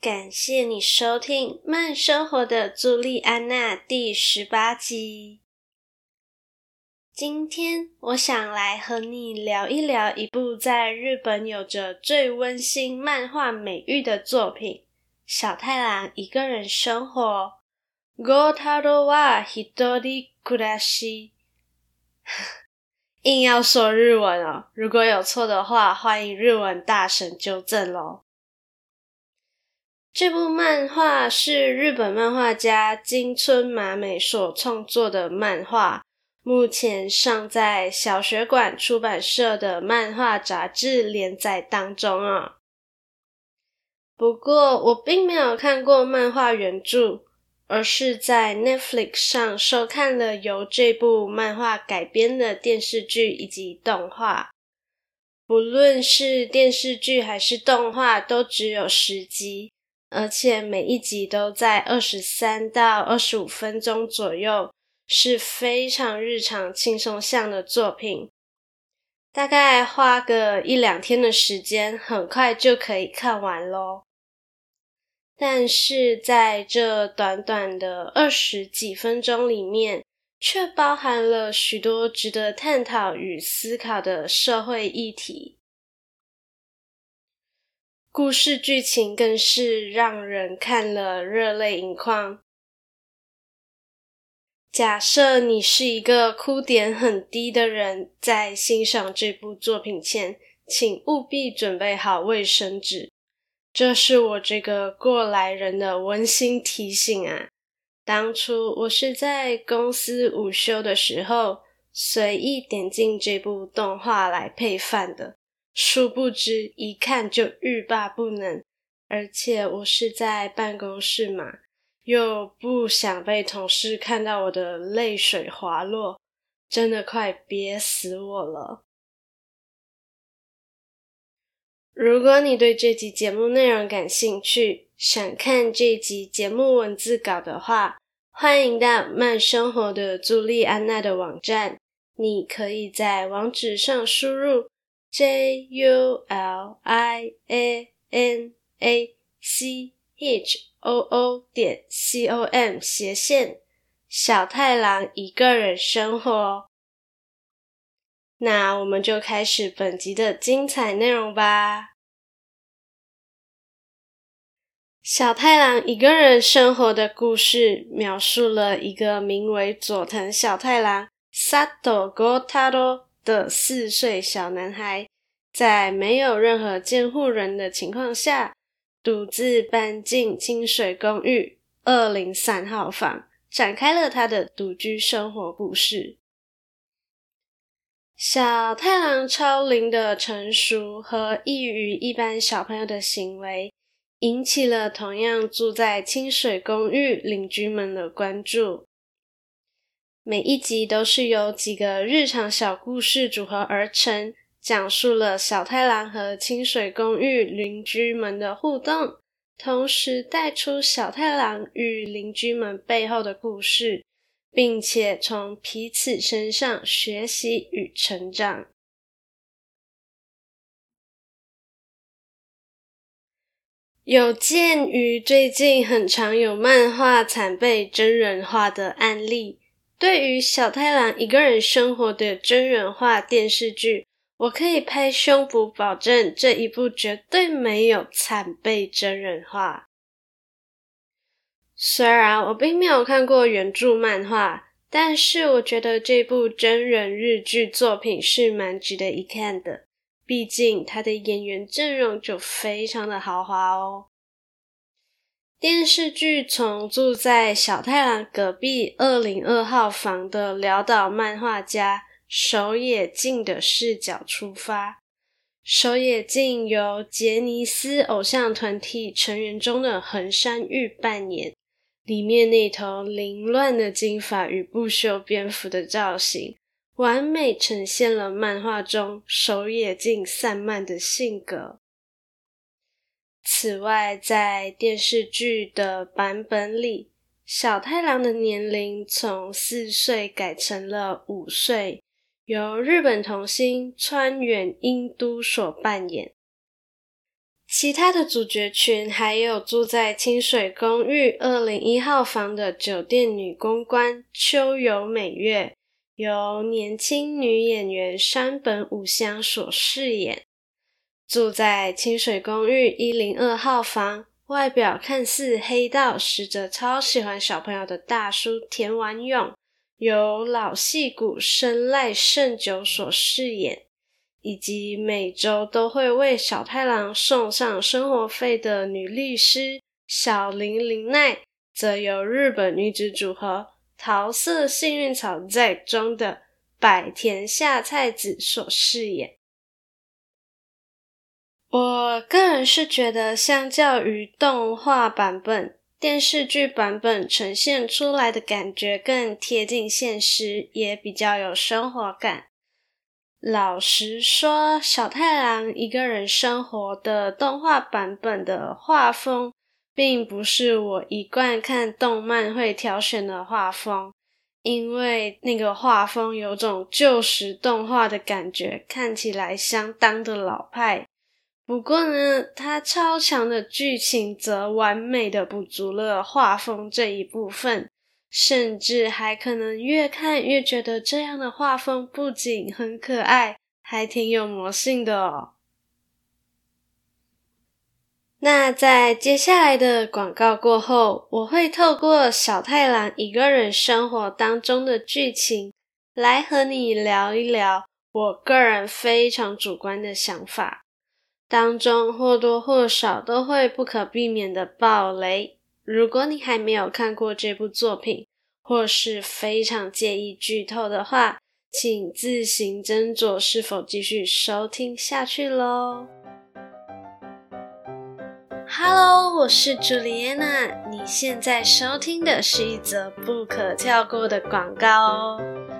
感謝你收聽《慢生活》的朱莉安娜第十八集。今天我想來和你聊一聊一部在日本有着最溫馨漫畫美譽的作品《小太郎一個人生活》。硬要說日文哦，如果有錯的話，歡迎日文大神糾正嘍。這部漫畫是日本漫畫家金村麻美所創作的漫畫，目前尚在小學館出版社的漫畫雜誌連載當中啊。不過我並沒有看過漫畫原著，而是在 Netflix 上收看了由這部漫畫改編的電視劇以及動畫。不論是電視劇還是動畫，都只有十集。而且每一集都在二十三到二十五分鐘左右，是非常日常、輕鬆向的作品，大概花個一兩天的時間，很快就可以看完咯。但是在這短短的二十幾分鐘裡面，卻包含了許多值得探討與思考的社會議題。故事劇情更是讓人看了熱淚盈眶。假設你是一個哭點很低的人，在欣賞這部作品前，請務必準備好衛生紙。這是我這個過來人的溫馨提醒啊。當初我是在公司午休的時候，隨意點進這部動畫來配飯的。殊不知，一看就欲罷不能。而且我是在辦公室嘛，又不想被同事看到我的淚水滑落，真的快憋死我了。如果你對這集節目內容感興趣，想看這集節目文字稿的話，歡迎到慢生活的朱麗安娜的網站。你可以在網址上輸入。j u l i a n a c h o o 點 com 斜線小太郎一個人生活。那我們就開始本集的精彩內容吧。小太郎一個人生活的故事，描述了一個名為佐藤小太郎 （Sato Gotaro）。的四歲小男孩，在沒有任何監護人的情況下，獨自搬進清水公寓二零三號房，展開了他的獨居生活故事。小太郎超齡的成熟和異於一般小朋友的行為，引起了同樣住在清水公寓鄰居們的關注。每一集都是由幾個日常小故事組合而成，講述了小太郎和清水公寓鄰居們的互動，同時帶出小太郎與鄰居們背後的故事，並且從彼此身上學習與成長。有鑒於最近很常有漫畫慘被真人化的案例。對於小太郎一個人生活的真人化電視劇，我可以拍胸脯保證，這一部絕對沒有慘被真人化。雖然我並沒有看過原著漫畫，但是我覺得這部真人日劇作品是蠻值得一看的，畢竟它的演員陣容就非常的豪華哦。電視劇從住在小太郎隔壁二零二號房的潦倒漫畫家狩野進的視角出發，狩野進由傑尼斯偶像團體成員中的橫山裕扮演。裡面那頭凌亂的金髮與不修邊幅的造型，完美呈現了漫畫中狩野進散漫的性格。此外，在電視劇的版本裡，小太郎的年齡從四歲改成了五歲，由日本童星川原英都所扮演。其他的主角群還有住在清水公寓二零一號房的酒店女公關秋友美月，由年輕女演員山本舞香所飾演。住在清水公寓一零二號房，外表看似黑道，實則超喜歡小朋友的大叔田丸勇，由老戲骨生瀨勝久所飾演；以及每周都會為小太郎送上生活費的女律師小林林奈，則由日本女子組合桃色幸運草 Z 中的百田夏菜子所飾演。我個人是覺得，相較於動畫版本，電視劇版本呈現出來的感覺更貼近現實，也比較有生活感。老實說，小太郎一個人生活的動畫版本的畫風，並不是我一貫看動漫會挑選的畫風，因為那個畫風有種舊時動畫的感覺，看起來相當的老派。不過呢，它超強的劇情則完美的補足了畫風這一部分，甚至還可能越看越覺得這樣的畫風不僅很可愛，還挺有魔性的哦。那在接下來的廣告過後，我會透過小太郎一個人生活當中的劇情來和你聊一聊我個人非常主觀的想法。當中或多或少都會不可避免的暴雷。如果你還沒有看過這部作品，或是非常介意劇透的話，請自行斟酌是否繼續收聽下去嘍。Hello，我是 Juliana，你現在收聽的是一則不可跳過的廣告哦。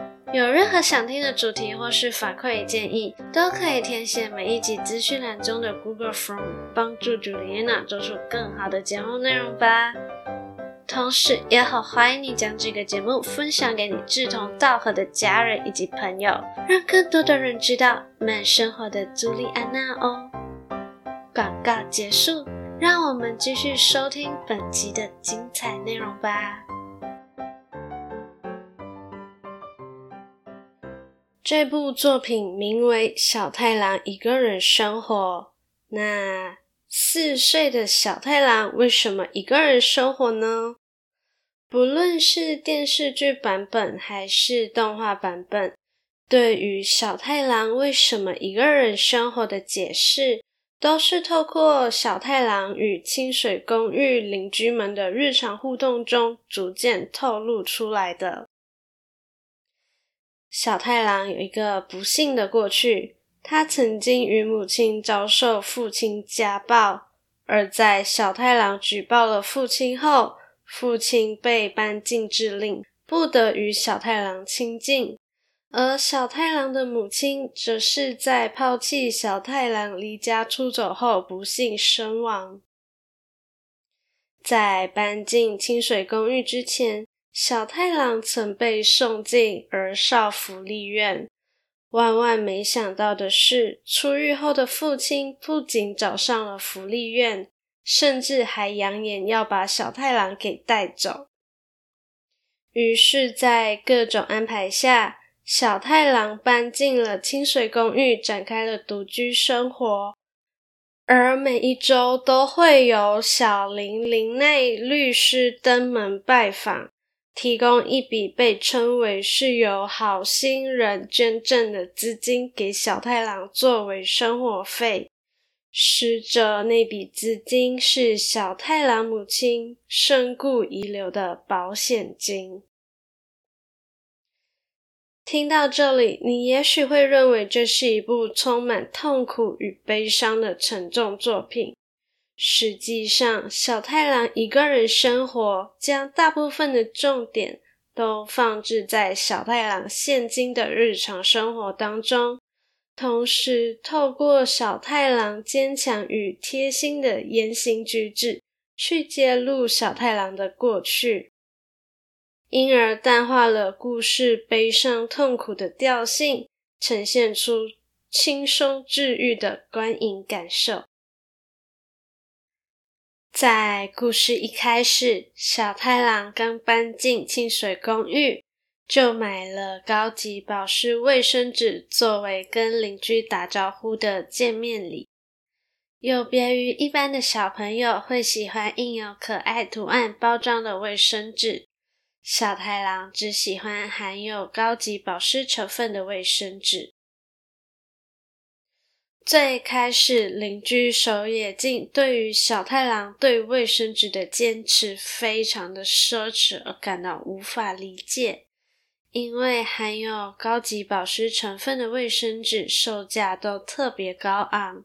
有任何想聽的主題或是反饋建議，都可以填寫每一集資訊欄中的 Google Form，幫助朱莉安娜做出更好的節目內容吧。同時，也好歡迎你將這個節目分享給你志同道合的家人以及朋友，讓更多的人知道慢生活的朱莉安娜哦。廣告結束，讓我們繼續收聽本集的精彩內容吧。這部作品名為《小太郎一個人生活》。那四歲的小太郎為什麼一個人生活呢？不論是電視劇版本還是動畫版本，對於小太郎為什麼一個人生活的解釋，都是透過小太郎與清水公寓鄰居們的日常互動中逐漸透露出來的。小太郎有一個不幸的過去，他曾經與母親遭受父親家暴，而在小太郎舉報了父親後，父親被頒禁制令，不得與小太郎親近。而小太郎的母親則是在拋棄小太郎離家出走後不幸身亡。在搬進清水公寓之前，小太郎曾被送進兒少福利院，萬萬沒想到的是，出獄後的父親不僅找上了福利院，甚至還揚言要把小太郎給帶走。於是，在各種安排下，小太郎搬進了清水公寓，展開了獨居生活。而每一周都會有小林林內律師登門拜訪。提供一筆被稱為是由好心人捐贈的資金給小太郎作為生活費，實則那筆資金是小太郎母親身故遺留的保險金。聽到這裡，你也許會認為這是一部充滿痛苦與悲傷的沉重作品。實際上，小太郎一個人生活，將大部分的重點都放置在小太郎現今的日常生活當中，同時透過小太郎堅強與貼心的言行舉止，去揭露小太郎的過去，因而淡化了故事悲傷痛苦的調性，呈現出輕鬆治癒的觀影感受。在故事一開始，小太郎剛搬進清水公寓，就買了高級保濕衛生紙作為跟鄰居打招呼的見面禮。有別於一般的小朋友會喜歡印有可愛圖案包裝的衛生紙，小太郎只喜歡含有高級保濕成分的衛生紙。最開始，鄰居狩野進對於小太郎對衛生紙的堅持非常的奢侈而感到無法理解，因為含有高級保濕成分的衛生紙售價都特別高昂。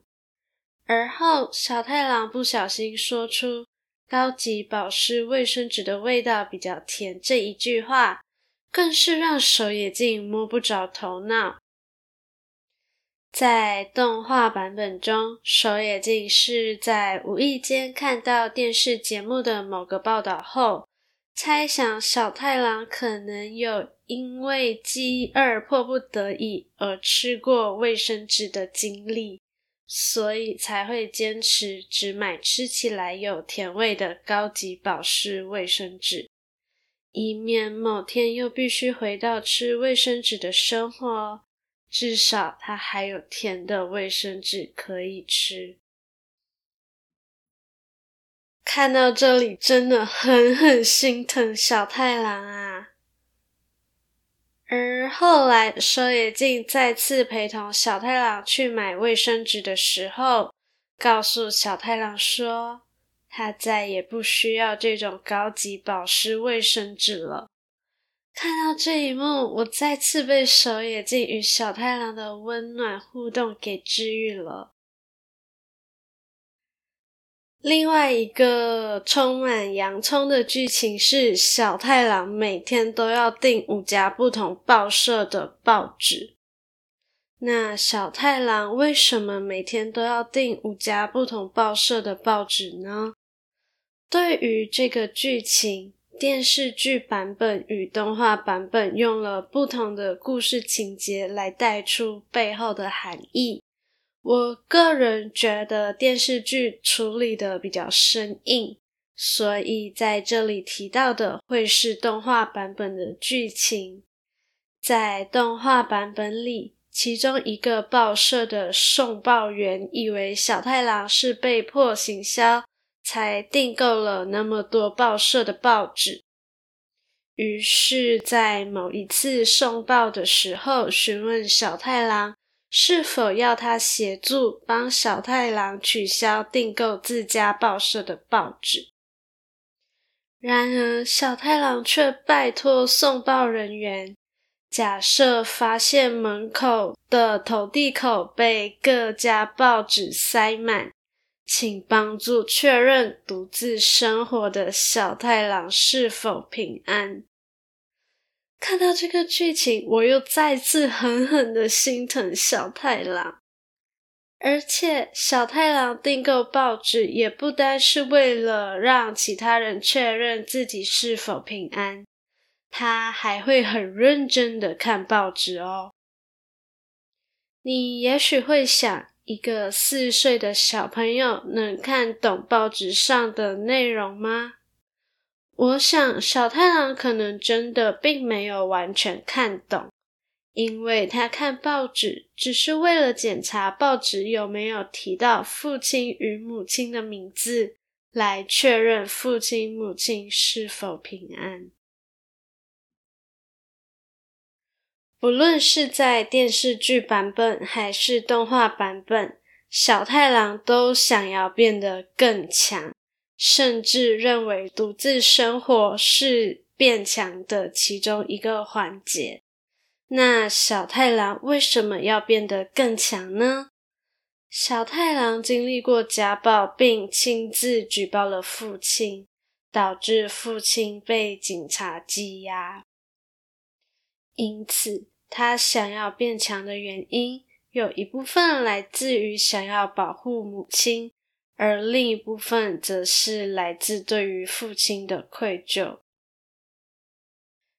而後，小太郎不小心說出“高級保濕衛生紙的味道比較甜”這一句話，更是讓狩野進摸不着頭腦。在動畫版本中，狩野進是在無意間看到電視節目的某個報道後，猜想小太郎可能有因為飢餓迫不得已而吃過衛生紙的經歷，所以才會堅持只買吃起來有甜味的高級保濕衛生紙，以免某天又必須回到吃衛生紙的生活。至少他還有甜的衛生紙可以吃。看到這裡，真的狠狠心疼小太郎啊！而後來，狩野進再次陪同小太郎去買衛生紙的時候，告訴小太郎說，他再也不需要這種高級保濕衛生紙了。看到這一幕，我再次被狩野進與小太郎的溫暖互動給治癒了。另外一個充滿洋蔥的劇情是，小太郎每天都要訂五家不同報社的報紙。那小太郎為什麼每天都要訂五家不同報社的報紙呢？對於這個劇情。電視劇版本與動畫版本用了不同的故事情節來帶出背後的含義。我個人覺得電視劇處理得比較生硬，所以在這裡提到的會是動畫版本的劇情。在動畫版本裡，其中一個報社的送報員以為小太郎是被迫行銷才訂購了那麼多報社的報紙，於是，在某一次送報的時候，詢問小太郎是否要他協助幫小太郎取消訂購自家報社的報紙。然而，小太郎卻拜託送報人員，假設發現門口的投遞口被各家報紙塞滿。請幫助確認獨自生活的小太郎是否平安。看到這個劇情，我又再次狠狠地心疼小太郎。而且，小太郎訂購報紙也不單是為了讓其他人確認自己是否平安，他還會很認真的看報紙哦。你也許會想，一個四歲的小朋友能看懂報紙上的內容嗎？我想小太郎可能真的並沒有完全看懂，因為他看報紙只是為了檢查報紙有沒有提到父親與母親的名字，來確認父親母親是否平安。不論是在電視劇版本還是動畫版本，小太郎都想要變得更強，甚至認為獨自生活是變強的其中一個環節。那小太郎為什麼要變得更強呢？小太郎經歷過家暴，並親自舉報了父親，導致父親被警察羈押。因此，他想要變強的原因有一部分來自於想要保護母親，而另一部分則是來自對於父親的愧疚。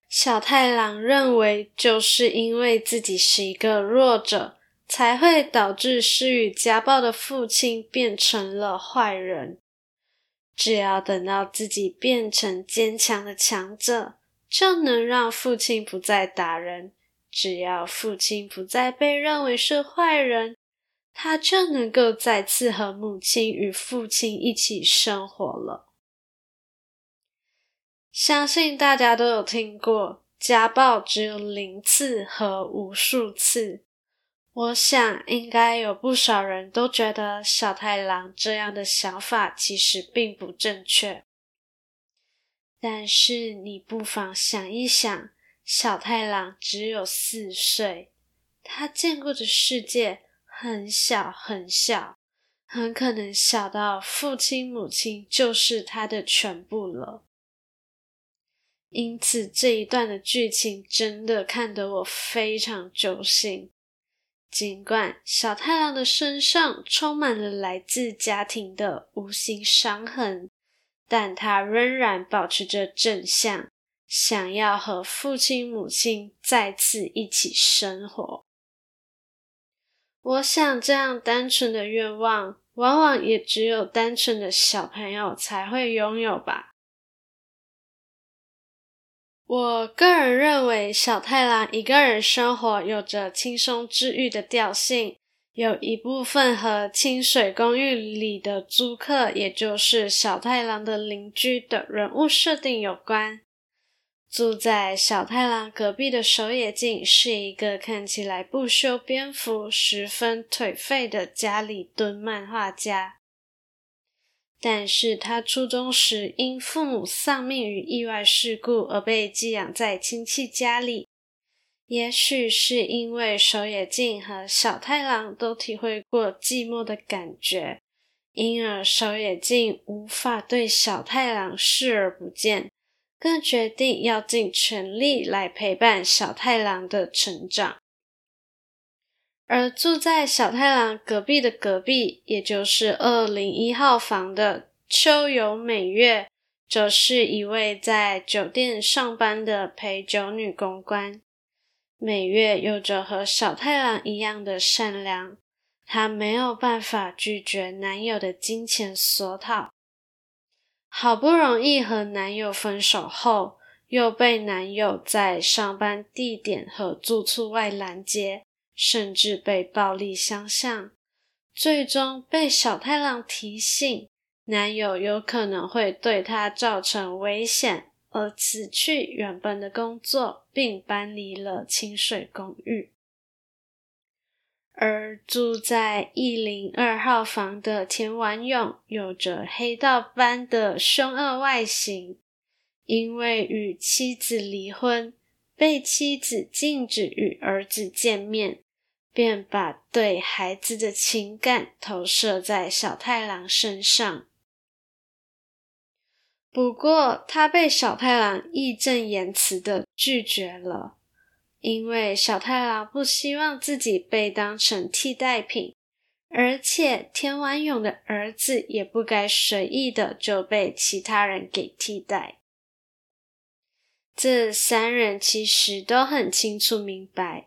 小太郎認為，就是因為自己是一個弱者，才會導致施與家暴的父親變成了壞人。只要等到自己變成堅強的強者，就能讓父親不再打人，只要父親不再被認為是壞人，他就能夠再次和母親與父親一起生活了。相信大家都有聽過，家暴只有零次和無數次。我想，應該有不少人都覺得小太郎這樣的想法其實並不正確。但是你不妨想一想，小太郎只有四歲，他見過的世界很小很小，很可能小到父親母親就是他的全部了。因此這一段的劇情真的看得我非常揪心，儘管小太郎的身上充滿了來自家庭的無形傷痕。但他仍然保持着正向，想要和父親、母親再次一起生活。我想，這樣單純的願望，往往也只有單純的小朋友才會擁有吧。我個人認為，小太郎一個人生活有着輕鬆治癒的調性。有一部分和清水公寓裡的租客，也就是小太郎的鄰居的人物設定有關。住在小太郎隔壁的守野靜是一個看起來不修邊幅、十分頹廢的家裡蹲漫畫家。但是他初中時因父母喪命於意外事故而被寄養在親戚家裡。也許是因為狩野進和小太郎都體會過寂寞的感覺，因而狩野進無法對小太郎視而不見，更決定要盡全力來陪伴小太郎的成長。而住在小太郎隔壁的隔壁，也就是二零一號房的秋友美月，則、就是一位在酒店上班的陪酒女公關。美月有着和小太郎一樣的善良，她沒有辦法拒絕男友的金錢索討。好不容易和男友分手後，又被男友在上班地點和住處外攔截，甚至被暴力相向，最終被小太郎提醒，男友有可能會對她造成危險。而辭去原本的工作，並搬離了清水公寓。而住在一零二號房的田丸勇，有着黑道般的兇惡外形。因為與妻子離婚，被妻子禁止與兒子見面，便把對孩子的情感投射在小太郎身上。不過，他被小太郎義正言辭的拒絕了，因為小太郎不希望自己被當成替代品，而且田丸勇的兒子也不該隨意的就被其他人給替代。這三人其實都很清楚明白，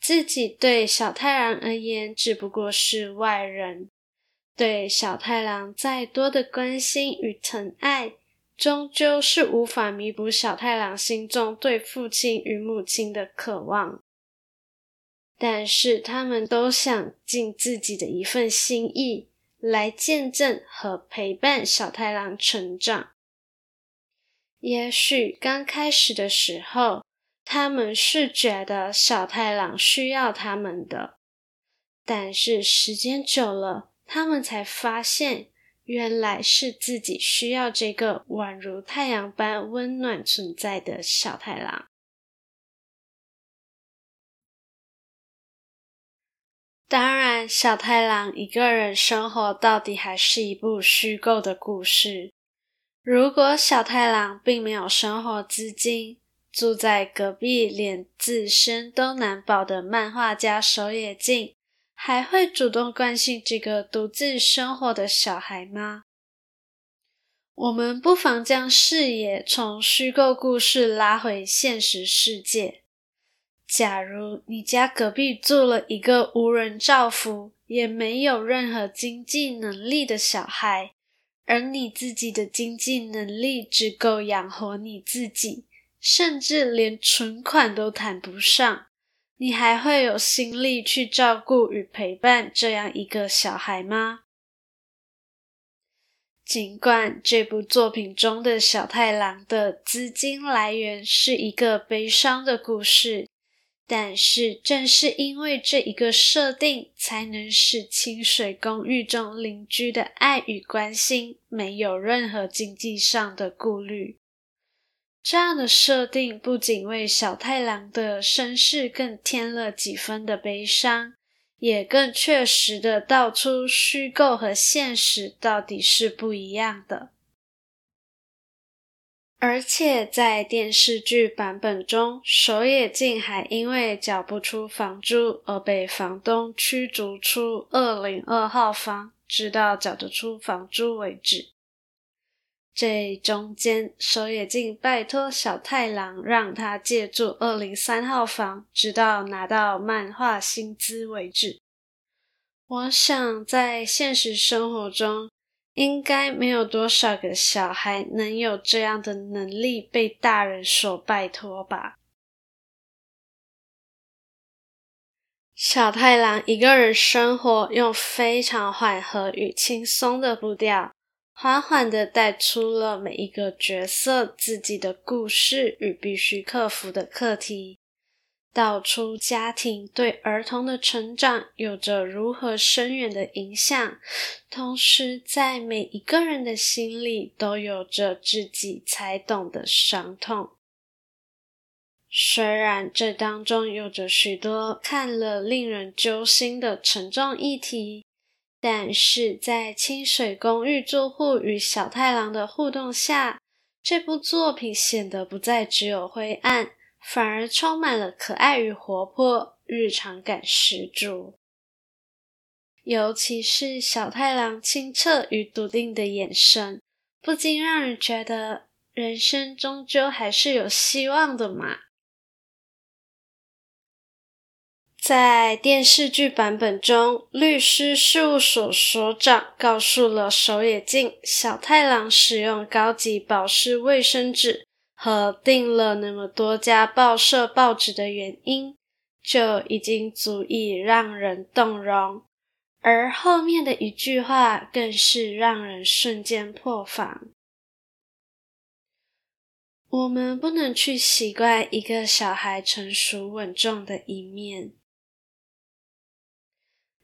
自己對小太郎而言只不過是外人，對小太郎再多的關心與疼愛。終究是無法彌補小太郎心中對父親與母親的渴望，但是他們都想盡自己的一份心意，來見證和陪伴小太郎成長。也許剛開始的時候，他們是覺得小太郎需要他們的，但是時間久了，他們才發現。原來是自己需要這個宛如太陽般溫暖存在的小太郎。當然，小太郎一個人生活到底還是一部虛構的故事。如果小太郎並沒有生活資金，住在隔壁連自身都難保的漫畫家手野靜。還會主動關心這個獨自生活的小孩嗎？我們不妨將視野從虛構故事拉回現實世界。假如你家隔壁住了一個無人照拂，也沒有任何經濟能力的小孩，而你自己的經濟能力只夠養活你自己，甚至連存款都談不上。你還會有心力去照顧與陪伴這樣一個小孩嗎？儘管這部作品中的小太郎的資金來源是一個悲傷的故事，但是正是因為這一個設定，才能使清水公寓中鄰居的愛與關心沒有任何經濟上的顧慮。這樣的設定不僅為小太郎的身世更添了幾分的悲傷，也更確實的道出虛構和現實到底是不一樣的。而且在電視劇版本中，狩野進還因為繳不出房租而被房東驅逐出二零二號房，直到繳得出房租為止。這中間，狩野進拜託小太郎，讓他借住二零三號房，直到拿到漫畫薪資為止。我想，在現實生活中，應該沒有多少個小孩能有這樣的能力被大人所拜託吧。小太郎一個人生活，用非常緩和與輕鬆的步調。緩緩的帶出了每一個角色自己的故事與必須克服的課題，道出家庭對兒童的成長有着如何深遠的影響，同時在每一個人的心裡都有着自己才懂的傷痛。雖然這當中有着許多看了令人揪心的沉重議題。但是在清水公寓住戶與小太郎的互動下，這部作品顯得不再只有灰暗，反而充滿了可愛與活潑，日常感十足。尤其是小太郎清澈與篤定的眼神，不禁讓人覺得人生終究還是有希望的嘛。在電視劇版本中，律師事務所所長告訴了手野靜，小太郎使用高級保濕衛生紙和訂了那麼多家報社報紙的原因，就已經足以讓人動容。而後面的一句話更是讓人瞬間破防：我們不能去習慣一個小孩成熟穩重的一面。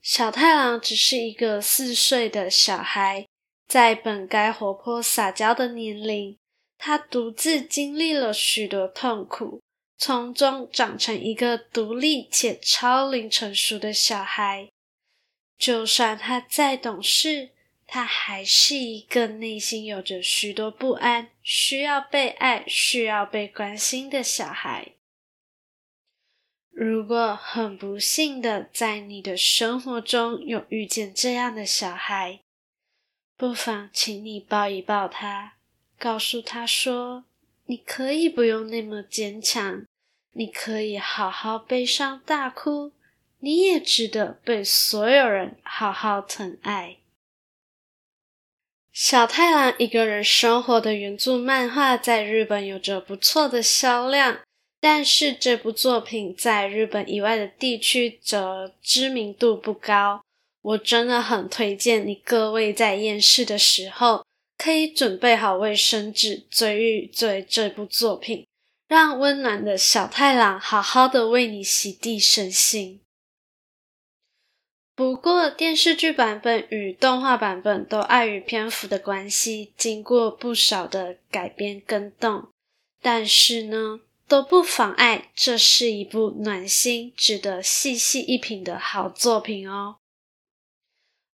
小太郎只是一個四歲的小孩，在本該活潑撒嬌的年齡，他獨自經歷了許多痛苦，從中長成一個獨立且超齡成熟的小孩。就算他再懂事，他還是一個內心有着許多不安、需要被愛、需要被關心的小孩。如果很不幸的在你的生活中有遇見這樣的小孩，不妨請你抱一抱他，告訴他說，你可以不用那麼堅強，你可以好好悲傷大哭，你也值得被所有人好好疼愛。小太郎一個人生活的原著漫畫在日本有着不錯的銷量。但是這部作品在日本以外的地區則知名度不高。我真的很推薦你各位在厭世的時候，可以準備好衛生紙，追一追這部作品，讓溫暖的小太郎好好的為你洗滌身心。不過電視劇版本與動畫版本都礙於篇幅的關係，經過不少的改編更動，但是呢，都不妨礙，這是一部暖心、值得細細一品的好作品哦。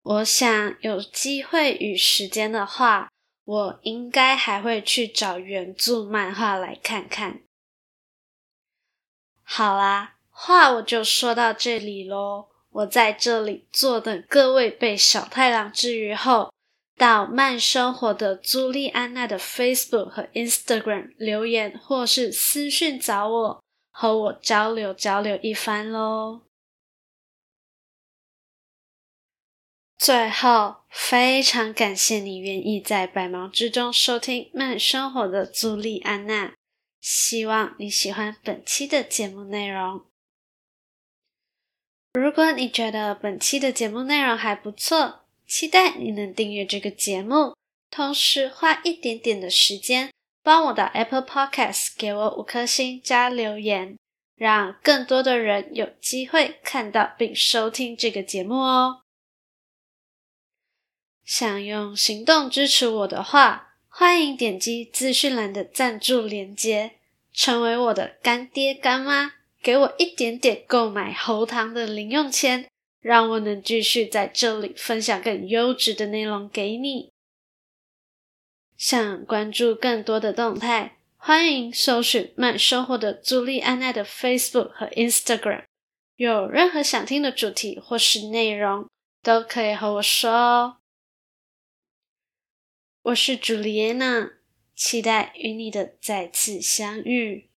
我想有機會與時間的話，我應該還會去找原著漫畫來看看。好啦，話我就說到這裡咯。我在這裡坐等各位被小太郎治癒後，到慢生活的朱莉安娜的 Facebook 和 Instagram 留言，或是私訊找我，和我交流交流一番嘍。最後，非常感謝你願意在百忙之中收聽慢生活的朱莉安娜，希望你喜歡本期的節目內容。如果你覺得本期的節目內容還不錯，期待你能訂閱這個節目，同時花一點點的時間，幫我的 Apple Podcast 給我五顆星加留言，讓更多的人有機會看到並收聽這個節目哦。想用行動支持我的話，歡迎點擊資訊欄的贊助連接，成為我的乾爹乾媽，給我一點點購買喉糖的零用錢。讓我能繼續在這裡分享更優質的內容給你。想關注更多的動態，歡迎搜尋“慢收穫”的朱莉安娜的 Facebook 和 Instagram。有任何想聽的主題或是內容，都可以和我說哦。我是朱莉安娜，期待與你的再次相遇。